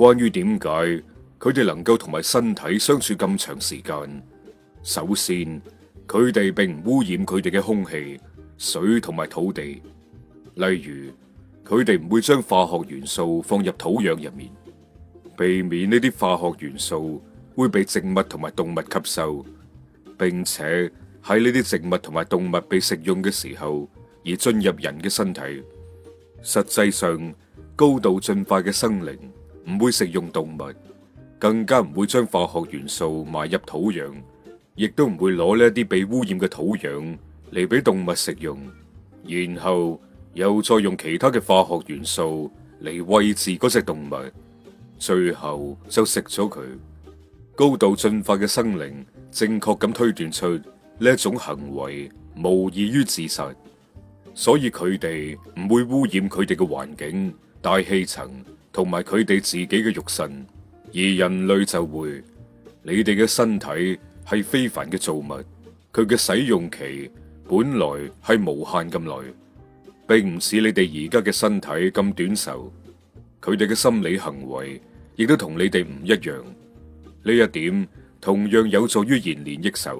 關於點解佢哋能夠同埋身體相處咁長時間？首先，佢哋並唔污染佢哋嘅空氣、水同埋土地。例如，佢哋唔會將化學元素放入土壤入面，避免呢啲化學元素會被植物同埋動物吸收，並且喺呢啲植物同埋動物被食用嘅時候而進入人嘅身體。實際上，高度進化嘅生靈。唔會食用動物，更加唔會將化學元素埋入土壤，亦都唔會攞呢一啲被污染嘅土壤嚟俾動物食用，然後又再用其他嘅化學元素嚟餵飼嗰隻動物，最後就食咗佢。高度進化嘅生靈，正確咁推斷出呢一種行為，無異於自殺，所以佢哋唔會污染佢哋嘅環境、大氣層。同埋佢哋自己嘅肉身，而人類就會，你哋嘅身體係非凡嘅造物，佢嘅使用期本來係無限咁耐，並唔似你哋而家嘅身體咁短壽。佢哋嘅心理行為亦都同你哋唔一樣，呢一點同樣有助於延年益壽。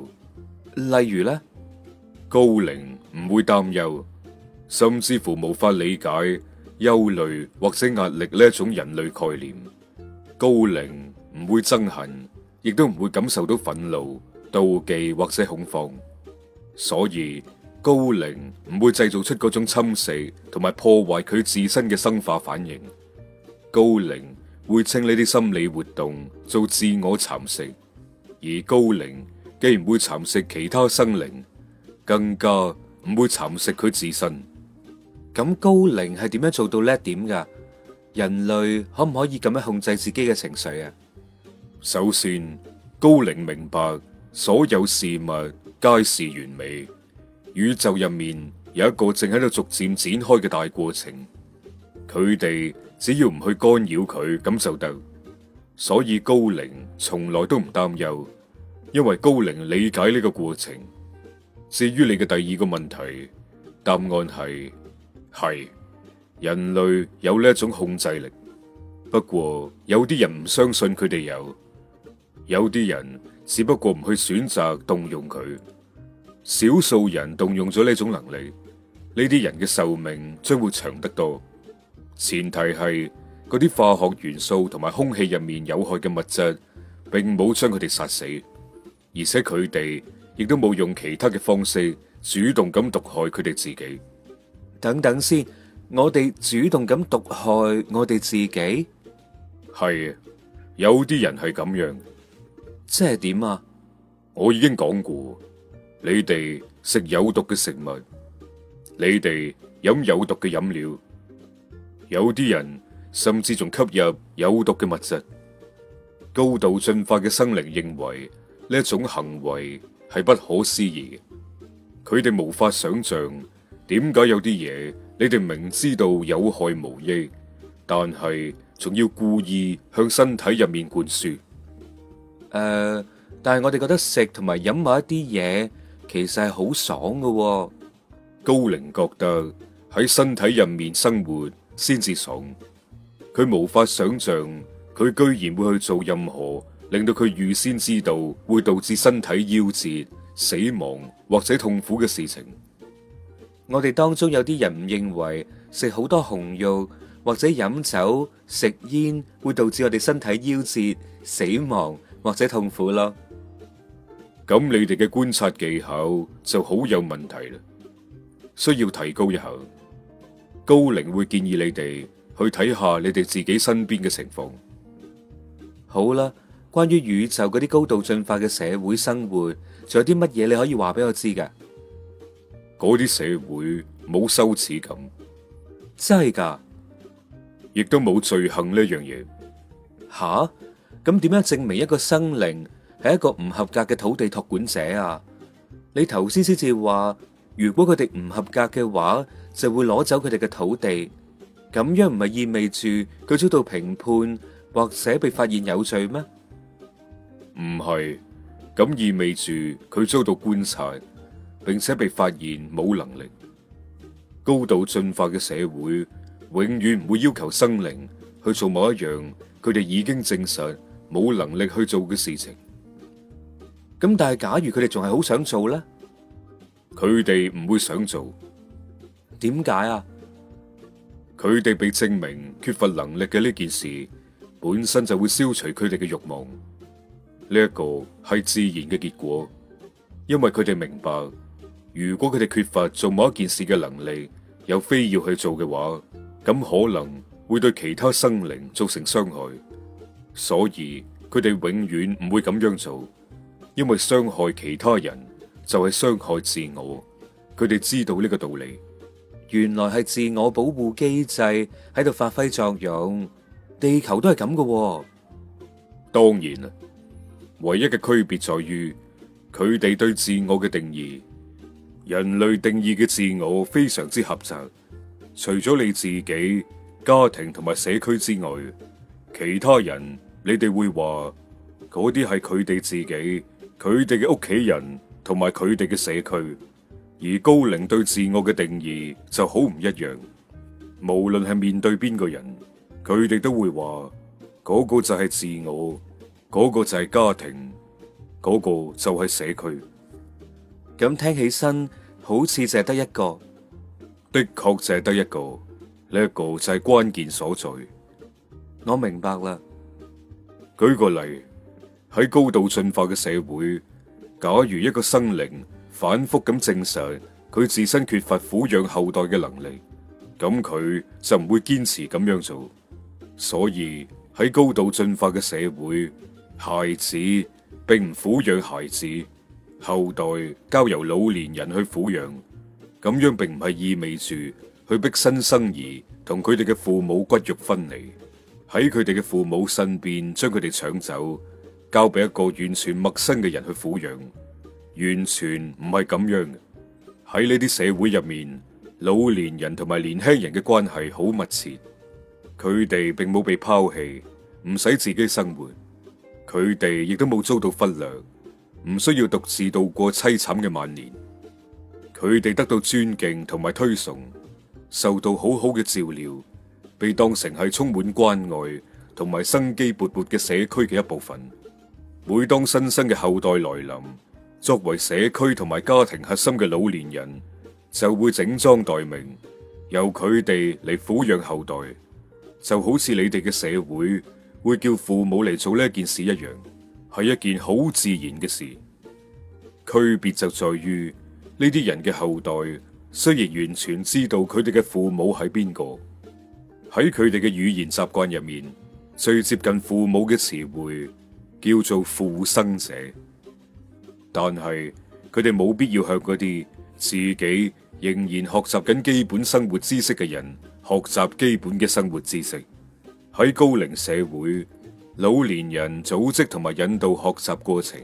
例如咧，高齡唔會擔憂，甚至乎無法理解。憂慮或者壓力呢一種人類概念，高靈唔會憎恨，亦都唔會感受到憤怒、妒忌或者恐慌。所以高靈唔會製造出嗰種侵蝕同埋破壞佢自身嘅生化反應。高靈會稱呢啲心理活動做自我蠶食，而高靈既唔會蠶食其他生靈，更加唔會蠶食佢自身。咁高齡係點樣做到呢一點㗎？人類可唔可以咁樣控制自己嘅情緒啊？首先，高齡明白所有事物皆是完美，宇宙入面有一個正喺度逐漸展開嘅大過程。佢哋只要唔去干擾佢，咁就得。所以高齡從來都唔擔憂，因為高齡理解呢個過程。至於你嘅第二個問題，答案係。係人類有呢一種控制力，不過有啲人唔相信佢哋有，有啲人只不過唔去選擇動用佢，少數人動用咗呢種能力，呢啲人嘅壽命將會長得多。前提係嗰啲化學元素同埋空氣入面有害嘅物質，並冇將佢哋殺死，而且佢哋亦都冇用其他嘅方式主動咁毒害佢哋自己。等等先，我哋主動咁毒害我哋自己？係，有啲人係咁樣。即係點啊？我已經講過，你哋食有毒嘅食物，你哋飲有毒嘅飲料，有啲人甚至仲吸入有毒嘅物質。高度進化嘅生靈認為呢一種行為係不可思議，佢哋無法想象。點解有啲嘢你哋明知道有害無益，但係仲要故意向身體入面灌輸？誒，但係我哋覺得食同埋飲埋一啲嘢，其實係好爽㗎喎。高靈覺得喺身體入面生活先至爽，佢無法想象佢居然會去做任何令到佢預先知道會導致身體夭折、死亡或者痛苦嘅事情。我哋當中有啲人唔認為食好多紅肉或者飲酒食煙會導致我哋身體夭折、死亡或者痛苦咯。咁你哋嘅觀察技巧就好有問題啦，需要提高一下。高齡會建議你哋去睇下你哋自己身邊嘅情況。好啦，關於宇宙嗰啲高度進化嘅社會生活，仲有啲乜嘢你可以話俾我知噶？嗰啲社會冇羞恥感，真係噶，亦都冇罪行呢樣嘢。吓，咁點樣證明一個生靈係一個唔合格嘅土地託管者啊？你頭先先至話，如果佢哋唔合格嘅話，就會攞走佢哋嘅土地。咁樣唔係意味住佢遭到評判，或者被發現有罪咩？唔係，咁意味住佢遭到觀察。並且被發現冇能力。高度進化嘅社會，永遠唔會要求生靈去做某一樣佢哋已經證實冇能力去做嘅事情。咁但係假如佢哋仲係好想做咧，佢哋唔會想做。點解啊？佢哋被證明缺乏能力嘅呢件事，本身就會消除佢哋嘅慾望。呢一個係自然嘅結果，因為佢哋明白。如果佢哋缺乏做某一件事嘅能力，又非要去做嘅話，咁可能會對其他生靈造成傷害。所以佢哋永遠唔會咁樣做，因為傷害其他人就係傷害自我。佢哋知道呢個道理。原來係自我保護機制喺度發揮作用，地球都係咁嘅。當然啦，唯一嘅區別在於佢哋對自我嘅定義。人類定義嘅自我非常之狹窄。除咗你自己、家庭同埋社區之外，其他人你哋會話嗰啲係佢哋自己、佢哋嘅屋企人同埋佢哋嘅社區。而高齡對自我嘅定義就好唔一樣，無論係面對邊個人，佢哋都會話嗰個就係自我，嗰個就係家庭，嗰個就係社區。咁聽起身。好似就得一個，的確就得一個，呢一個就係關鍵所在。我明白啦。舉個例，喺高度進化嘅社會，假如一個生靈反覆咁證實佢自身缺乏撫養後代嘅能力，咁佢就唔會堅持咁樣做。所以喺高度進化嘅社會，孩子並唔撫養孩子。後代交由老年人去撫養，咁樣並唔係意味住去逼新生兒同佢哋嘅父母骨肉分離，喺佢哋嘅父母身邊將佢哋搶走，交俾一個完全陌生嘅人去撫養，完全唔係咁樣嘅。喺呢啲社會入面，老年人同埋年輕人嘅關係好密切，佢哋並冇被拋棄，唔使自己生活，佢哋亦都冇遭到忽略，唔需要獨自度過淒慘嘅晚年，佢哋得到尊敬同埋推崇，受到好好嘅照料，被當成係充滿關愛同埋生機勃勃嘅社區嘅一部分。每當新生嘅後代來臨，作為社區同埋家庭核心嘅老年人，就會整裝待命，由佢哋嚟撫養後代，就好似你哋嘅社會會叫父母嚟做呢件事一樣。係一件好自然嘅事，區別就在於呢啲人嘅後代雖然完全知道佢哋嘅父母係邊個，喺佢哋嘅語言習慣入面，最接近父母嘅詞彙叫做父生者，但係佢哋冇必要向嗰啲自己仍然學習緊基本生活知識嘅人學習基本嘅生活知識，喺高齡社會。老年人組織同埋引導學習過程、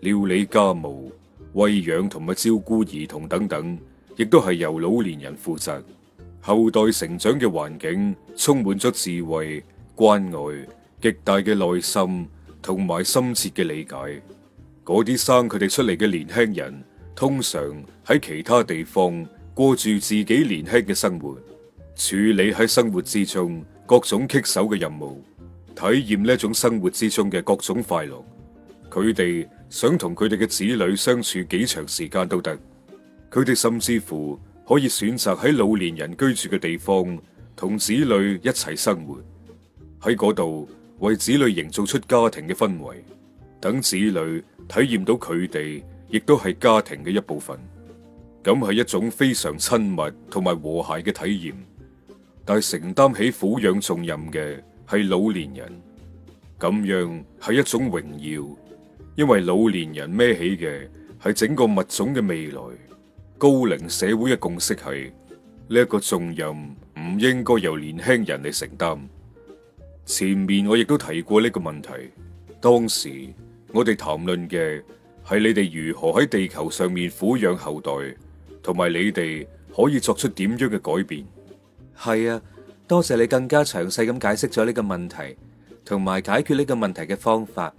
料理家務、餵養同埋照顧兒童等等，亦都係由老年人負責。後代成長嘅環境充滿咗智慧、關愛、極大嘅耐心同埋深切嘅理解。嗰啲生佢哋出嚟嘅年輕人，通常喺其他地方過住自己年輕嘅生活，處理喺生活之中各種棘手嘅任務。體驗呢種生活之中嘅各種快樂，佢哋想同佢哋嘅子女相處幾長時間都得，佢哋甚至乎可以選擇喺老年人居住嘅地方同子女一齊生活，喺嗰度為子女營造出家庭嘅氛圍，等子女體驗到佢哋亦都係家庭嘅一部分，咁係一種非常親密同埋和諧嘅體驗，但係承擔起撫養重任嘅。係老年人，咁樣係一種榮耀，因為老年人孭起嘅係整個物種嘅未來。高齡社會嘅共識係呢一個重任唔應該由年輕人嚟承擔。前面我亦都提過呢個問題，當時我哋談論嘅係你哋如何喺地球上面撫養後代，同埋你哋可以作出點樣嘅改變。係啊。多謝你更加詳細咁解釋咗呢個問題，同埋解決呢個問題嘅方法。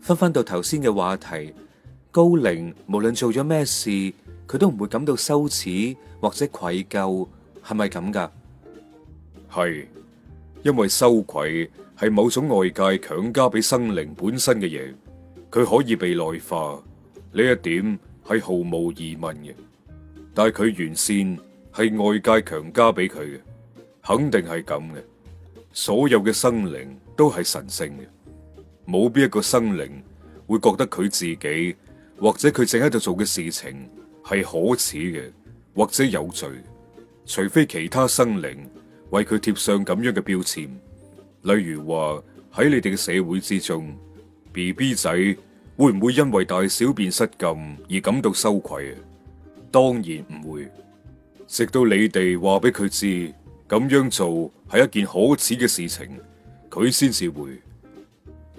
分翻到頭先嘅話題，高靈無論做咗咩事，佢都唔會感到羞恥或者愧疚，係咪咁噶？係因為羞愧係某種外界強加俾生靈本身嘅嘢，佢可以被內化，呢一點係毫無疑問嘅。但係佢原先係外界強加俾佢嘅。肯定係咁嘅，所有嘅生靈都係神聖嘅，冇邊一個生靈會覺得佢自己或者佢正喺度做嘅事情係可恥嘅，或者有罪，除非其他生靈為佢貼上咁樣嘅標籤。例如話喺你哋嘅社會之中，BB 仔會唔會因為大小便失禁而感到羞愧啊？當然唔會，直到你哋話俾佢知。咁樣做係一件可恥嘅事情，佢先至會。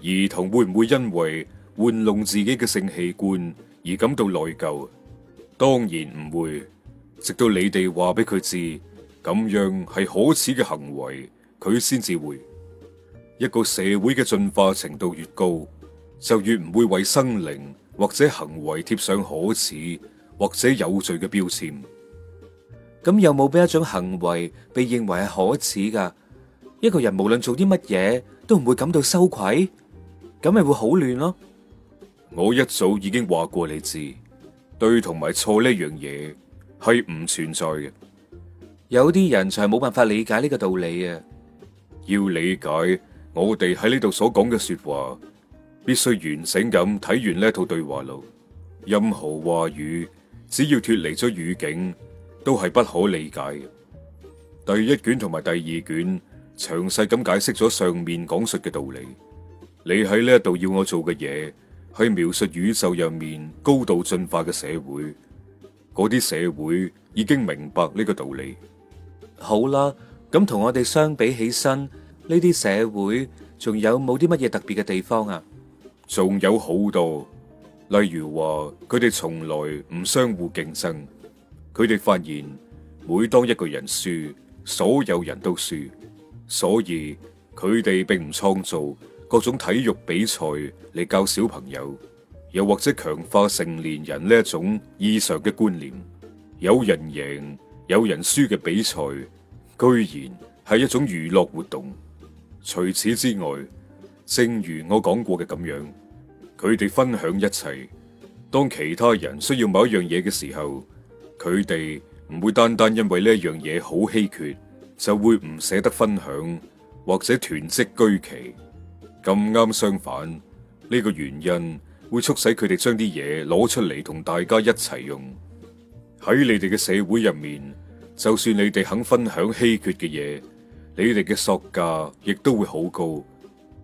兒童會唔會因為玩弄自己嘅性器官而感到內疚？當然唔會。直到你哋話俾佢知，咁樣係可恥嘅行為，佢先至會。一個社會嘅進化程度越高，就越唔會為生靈或者行為貼上可恥或者有罪嘅標籤。咁有冇俾一種行為被認為係可恥噶？一個人無論做啲乜嘢都唔會感到羞愧，咁咪會好亂咯。我一早已經話過你知，對同埋錯呢樣嘢係唔存在嘅。有啲人就係冇辦法理解呢個道理啊。要理解我哋喺呢度所講嘅說話，必須完整咁睇完呢一套對話錄。任何話語只要脫離咗語境。都係不可理解嘅。第一卷同埋第二卷詳細咁解釋咗上面講述嘅道理。你喺呢一度要我做嘅嘢，係描述宇宙入面高度進化嘅社會。嗰啲社會已經明白呢個道理。好啦，咁同我哋相比起身，呢啲社會仲有冇啲乜嘢特別嘅地方啊？仲有好多，例如話佢哋從來唔相互競爭。佢哋發現，每當一個人輸，所有人都輸，所以佢哋並唔創造各種體育比賽嚟教小朋友，又或者強化成年人呢一種異常嘅觀念。有人贏，有人輸嘅比賽，居然係一種娛樂活動。除此之外，正如我講過嘅咁樣，佢哋分享一切。當其他人需要某一樣嘢嘅時候，佢哋唔會單單因為呢一樣嘢好稀缺，就會唔捨得分享或者囤積居奇。咁啱相反，呢個原因會促使佢哋將啲嘢攞出嚟同大家一齊用。喺你哋嘅社會入面，就算你哋肯分享稀缺嘅嘢，你哋嘅索價亦都會好高。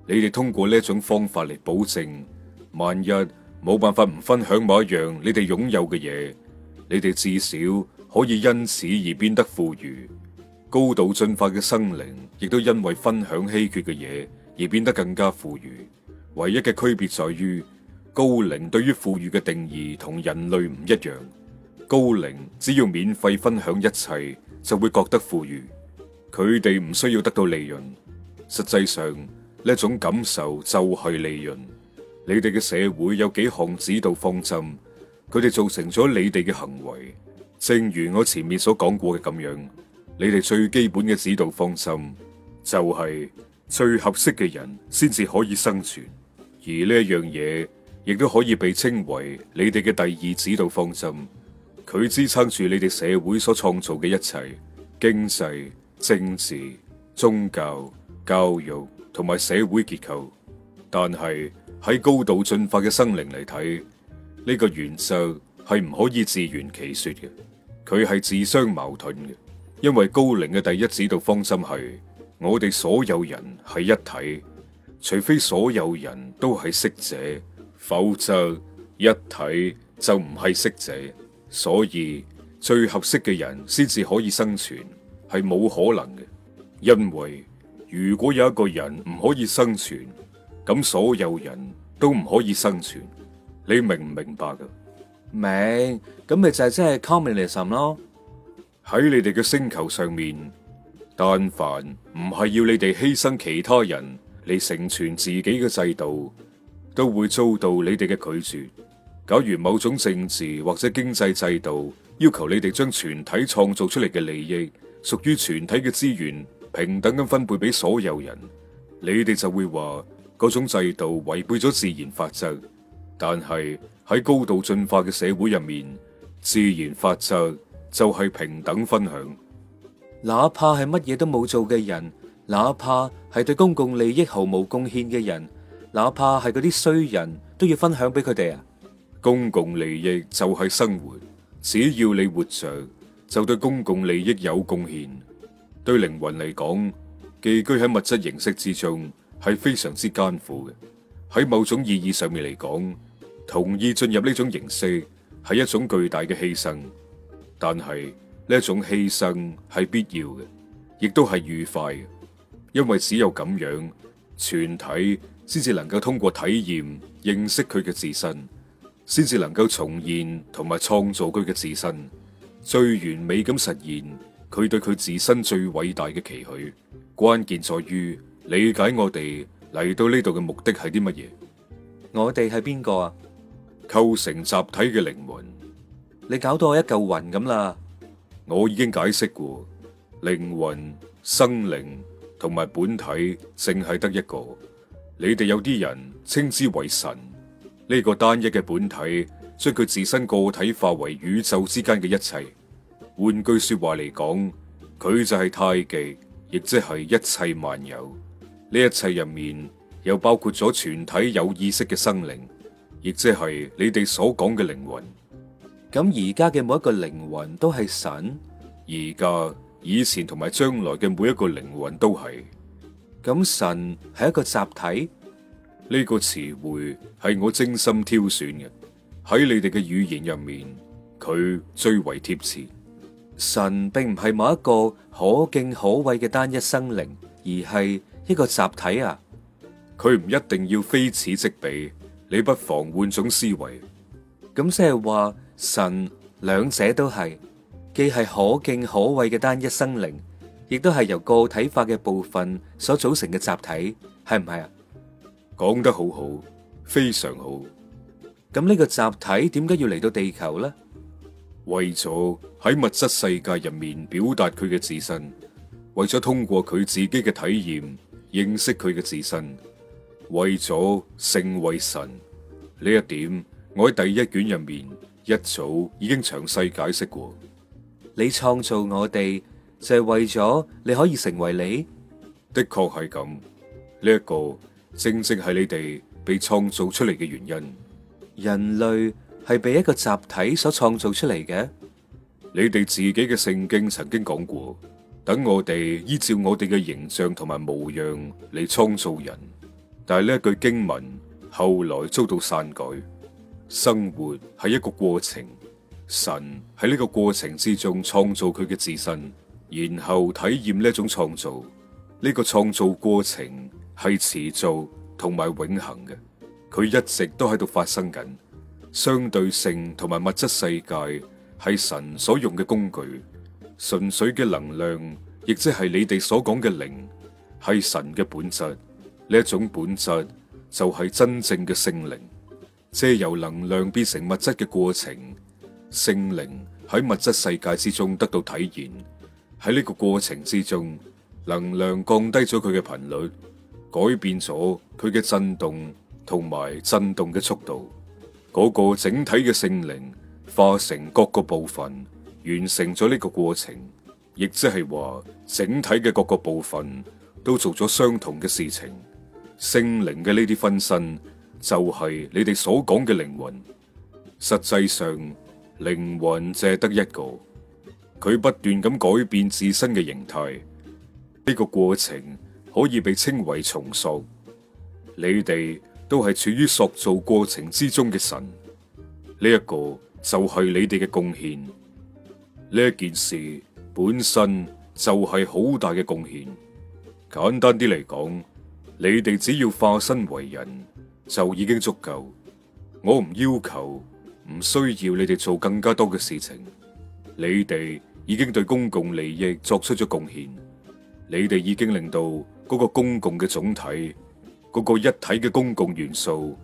你哋通過呢一種方法嚟保證，萬一冇辦法唔分享某一樣你哋擁有嘅嘢。你哋至少可以因此而變得富裕，高度進化嘅生靈亦都因為分享稀缺嘅嘢，而變得更加富裕。唯一嘅區別在於，高靈對於富裕嘅定義同人類唔一樣。高靈只要免費分享一切，就會覺得富裕。佢哋唔需要得到利潤，實際上呢一種感受就係利潤。你哋嘅社會有幾項指導方針？佢哋造成咗你哋嘅行為，正如我前面所講過嘅咁樣，你哋最基本嘅指導方針就係最合適嘅人先至可以生存，而呢一樣嘢亦都可以被稱為你哋嘅第二指導方針。佢支撐住你哋社會所創造嘅一切經濟、政治、宗教、教育同埋社會結構。但係喺高度進化嘅生靈嚟睇。呢個原則係唔可以自圓其說嘅，佢係自相矛盾嘅。因為高靈嘅第一指導方針係：我哋所有人係一體，除非所有人都係識者，否則一體就唔係識者。所以最合適嘅人先至可以生存，係冇可能嘅。因為如果有一個人唔可以生存，咁所有人都唔可以生存。你明唔明白噶？明咁咪就係即係 communism 咯。喺你哋嘅星球上面，但凡唔係要你哋犧牲其他人嚟成全自己嘅制度，都會遭到你哋嘅拒絕。假如某種政治或者經濟制度要求你哋將全體創造出嚟嘅利益屬於全體嘅資源，平等咁分配俾所有人，你哋就會話嗰種制度違背咗自然法則。但係喺高度進化嘅社會入面，自然法則就係平等分享。哪怕係乜嘢都冇做嘅人，哪怕係對公共利益毫無貢獻嘅人，哪怕係嗰啲衰人都要分享俾佢哋啊！公共利益就係生活，只要你活着，就對公共利益有貢獻。對靈魂嚟講，寄居喺物質形式之中係非常之艱苦嘅。喺某種意義上面嚟講，同意進入呢種形式係一種巨大嘅犧牲，但係呢種犧牲係必要嘅，亦都係愉快嘅，因為只有咁樣，全體先至能夠通過體驗認識佢嘅自身，先至能夠重現同埋創造佢嘅自身，最完美咁實現佢對佢自身最偉大嘅期許。關鍵在於理解我哋嚟到呢度嘅目的係啲乜嘢。我哋係邊個啊？構成集體嘅靈魂，你搞到我一嚿雲咁啦！我已經解釋過，靈魂、生靈同埋本體，淨係得一個。你哋有啲人稱之為神，呢個單一嘅本體將佢自身個體化為宇宙之間嘅一切。換句說話嚟講，佢就係太極，亦即係一切萬有。呢一切入面又包括咗全體有意識嘅生靈。亦即係你哋所講嘅靈魂，咁而家嘅每一個靈魂都係神，而家、以前同埋將來嘅每一個靈魂都係，咁神係一個集體，呢個詞彙係我精心挑選嘅，喺你哋嘅語言入面，佢最為貼切。神並唔係某一個可敬可畏嘅單一生靈，而係一個集體啊！佢唔一定要非此即彼。你不妨換種思維，咁即係話神兩者都係，既係可敬可畏嘅單一生靈，亦都係由個體化嘅部分所組成嘅集體，係唔係啊？講得好好，非常好。咁呢個集體點解要嚟到地球呢？為咗喺物質世界入面表達佢嘅自身，為咗通過佢自己嘅體驗認識佢嘅自身，為咗成為神。呢一點，我喺第一卷入面一早已經詳細解釋過。你創造我哋就係、是、為咗你可以成為你。的確係咁，呢、這、一個正正係你哋被創造出嚟嘅原因。人類係被一個集體所創造出嚟嘅。你哋自己嘅聖經曾經講過，等我哋依照我哋嘅形象同埋模樣嚟創造人。但係呢一句經文，後來遭到刪改。生活係一個過程，神喺呢個過程之中創造佢嘅自身，然後體驗呢一種創造。呢個創造過程係持續同埋永恆嘅，佢一直都喺度發生緊。相對性同埋物質世界係神所用嘅工具，純粹嘅能量，亦即係你哋所講嘅靈，係神嘅本質。呢一種本質。就係真正嘅聖靈，借由能量變成物質嘅過程，聖靈喺物質世界之中得到體現。喺呢個過程之中，能量降低咗佢嘅頻率，改變咗佢嘅震動同埋震動嘅速度。嗰個整體嘅聖靈化成各個部分，完成咗呢個過程，亦即係話整體嘅各個部分都做咗相同嘅事情。聖靈嘅呢啲分身就係、是、你哋所講嘅靈魂，實際上靈魂只係得一個，佢不斷咁改變自身嘅形態，呢、這個過程可以被稱為重塑。你哋都係處於塑造過程之中嘅神，呢、這、一個就係你哋嘅貢獻。呢一件事本身就係好大嘅貢獻。簡單啲嚟講。你哋只要化身為人就已經足夠，我唔要求，唔需要你哋做更加多嘅事情。你哋已經對公共利益作出咗貢獻，你哋已經令到嗰個公共嘅總體、嗰個一體嘅公共元素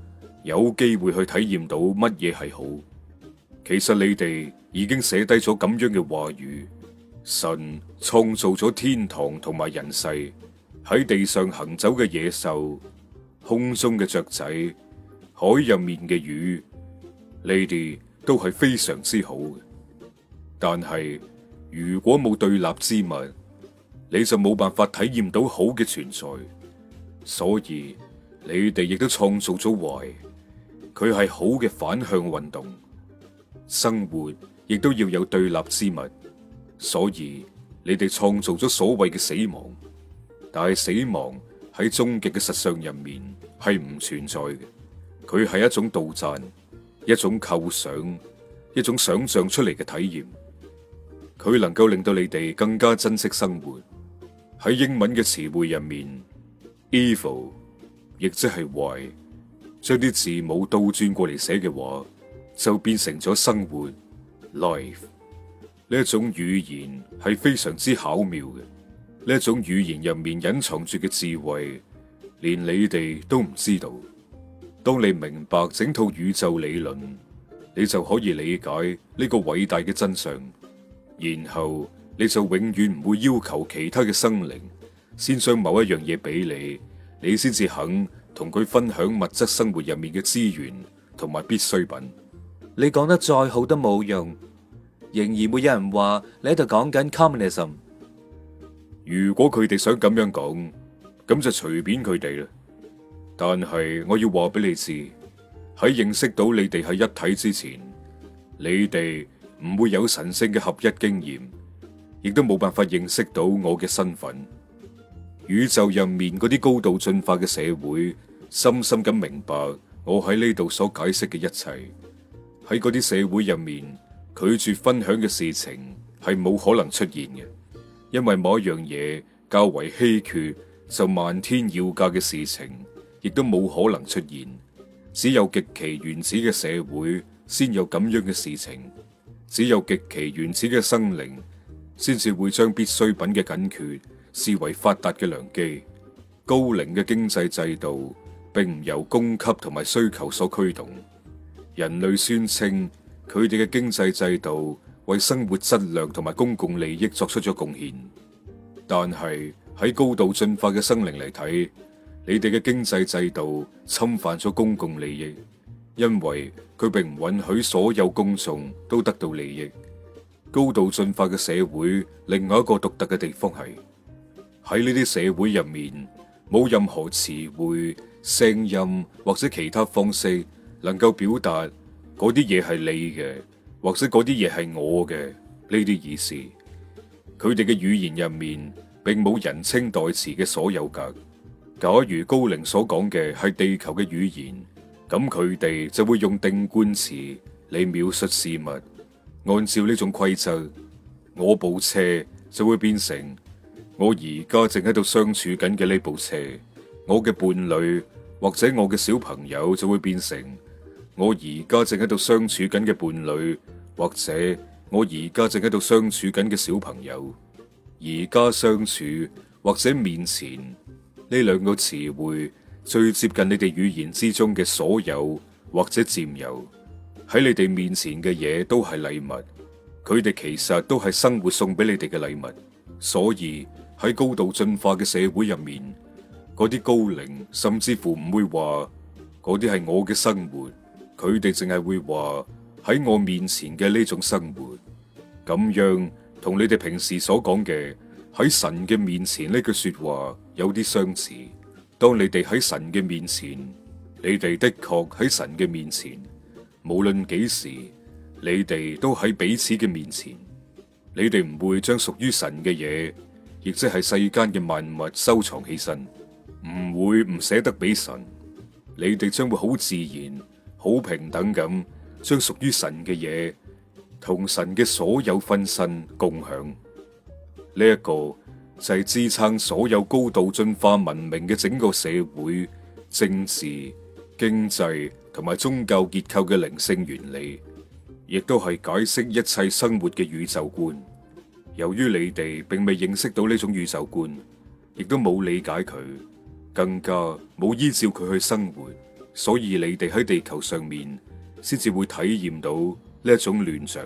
有機會去體驗到乜嘢係好。其實你哋已經寫低咗咁樣嘅話語，神創造咗天堂同埋人世。喺地上行走嘅野獸，空中嘅雀仔，海入面嘅魚，你哋都係非常之好嘅。但係如果冇對立之物，你就冇辦法體驗到好嘅存在。所以你哋亦都創造咗壞，佢係好嘅反向運動。生活亦都要有對立之物，所以你哋創造咗所謂嘅死亡。但係死亡喺終極嘅實相入面係唔存在嘅，佢係一種倒轉、一種構想、一種想象出嚟嘅體驗。佢能夠令到你哋更加珍惜生活。喺英文嘅詞彙入面，evil 亦即係壞，將啲字母倒轉過嚟寫嘅話，就變成咗生活 （life）。呢一種語言係非常之巧妙嘅。呢一種語言入面隱藏住嘅智慧，連你哋都唔知道。當你明白整套宇宙理論，你就可以理解呢個偉大嘅真相。然後你就永遠唔會要求其他嘅生靈先將某一樣嘢俾你，你先至肯同佢分享物質生活入面嘅資源同埋必需品。你講得再好都冇用，仍然會有人話你喺度講緊 communism。如果佢哋想咁樣講，咁就隨便佢哋啦。但係我要話俾你知，喺認識到你哋係一體之前，你哋唔會有神聖嘅合一經驗，亦都冇辦法認識到我嘅身份。宇宙入面嗰啲高度進化嘅社會，深深咁明白我喺呢度所解釋嘅一切。喺嗰啲社會入面，拒絕分享嘅事情係冇可能出現嘅。因為某一樣嘢較為稀缺，就漫天要價嘅事情，亦都冇可能出現。只有極其原始嘅社會，先有咁樣嘅事情；只有極其原始嘅生靈，先至會將必需品嘅緊缺視為發達嘅良機。高齡嘅經濟制度，並唔由供給同埋需求所驅動。人類宣稱，佢哋嘅經濟制度。為生活質量同埋公共利益作出咗貢獻，但係喺高度進化嘅生靈嚟睇，你哋嘅經濟制度侵犯咗公共利益，因為佢並唔允許所有公眾都得到利益。高度進化嘅社會，另外一個獨特嘅地方係喺呢啲社會入面，冇任何詞彙、聲音或者其他方式能夠表達嗰啲嘢係你嘅。或者嗰啲嘢係我嘅呢啲意思，佢哋嘅語言入面并冇人稱代詞嘅所有格。假如高靈所講嘅係地球嘅語言，咁佢哋就會用定冠詞嚟描述事物。按照呢種規則，我部車就會變成我而家正喺度相處緊嘅呢部車。我嘅伴侶或者我嘅小朋友就會變成我而家正喺度相處緊嘅伴侶。或者我而家正喺度相處緊嘅小朋友。而家相處或者面前呢兩個詞彙最接近你哋語言之中嘅所有或者佔有，喺你哋面前嘅嘢都係禮物，佢哋其實都係生活送俾你哋嘅禮物。所以喺高度進化嘅社會入面，嗰啲高齡甚至乎唔會話嗰啲係我嘅生活，佢哋淨係會話，喺我面前嘅呢種生活，咁樣同你哋平時所講嘅喺神嘅面前呢句說話有啲相似。當你哋喺神嘅面前，你哋的確喺神嘅面前，無論幾時，你哋都喺彼此嘅面前，你哋唔會將屬於神嘅嘢，亦即係世間嘅萬物收藏起身，唔會唔捨得俾神，你哋將會好自然、好平等咁。將屬於神嘅嘢同神嘅所有分身共享，呢一個就係支撐所有高度進化文明嘅整個社會、政治、經濟同埋宗教結構嘅靈性原理，亦都係解釋一切生活嘅宇宙觀。由於你哋並未認識到呢種宇宙觀，亦都冇理解佢，更加冇依照佢去生活，所以你哋喺地球上面。先至會體驗到呢一種亂象。